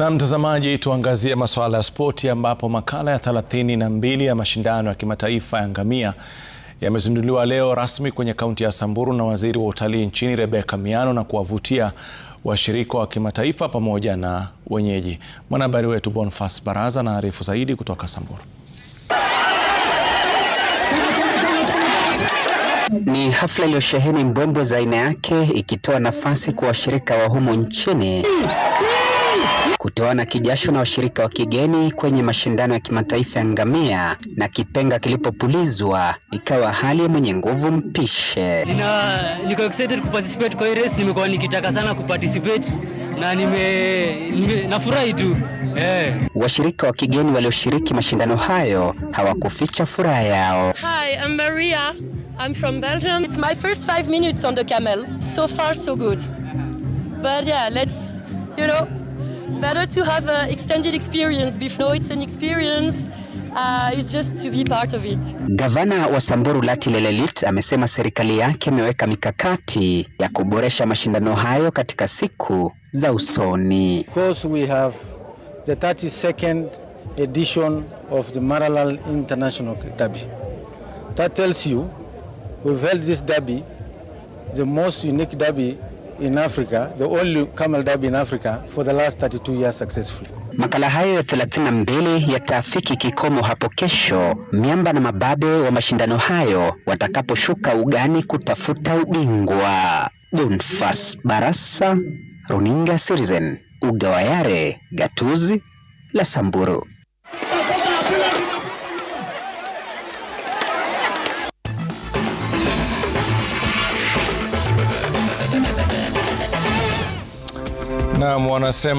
Na mtazamaji, tuangazie masuala ya spoti ambapo makala ya 32 ya mashindano ya kimataifa ya ngamia yamezinduliwa leo rasmi kwenye kaunti ya Samburu na waziri wa utalii nchini Rebecca Miano na kuwavutia washirika wa, wa kimataifa pamoja na wenyeji. Mwanahabari wetu Bonfas Baraza anaarifu zaidi kutoka Samburu. Ni hafla iliyosheheni mbwembwe za aina yake ikitoa nafasi kwa washirika wa humu nchini kutoa na kijasho na washirika wa kigeni kwenye mashindano ya kimataifa ya ngamia, na kipenga kilipopulizwa ikawa hali mwenye nguvu mpishe. Nina, niko excited kuparticipate kwa race, nimekuwa nikitaka sana kuparticipate na nime, nime nafurahi tu eh. Washirika wa kigeni walioshiriki mashindano hayo hawakuficha furaha yao. Hi, I'm Maria. I'm from Belgium. It's my first five minutes on the camel. So far, so good. But yeah, let's, you know, better to have an extended experience before it's an experience Uh, it's just to be part of it. Gavana wa Samburu Lati Lelelit amesema serikali yake imeweka mikakati ya kuboresha mashindano hayo katika siku za usoni. Because we have the 32nd edition of the Maralal International Derby. That tells you we've held this derby, the most unique derby in Africa, the only camel derby in Africa for the last 32 years successfully. Makala hayo ya 32 yataafiki kikomo hapo kesho, miamba na mababe wa mashindano hayo watakaposhuka ugani kutafuta ubingwa. Bonfas Barasa, Runinga Citizen, Ugawayare, Gatuzi la Samburu. Naam, wanasema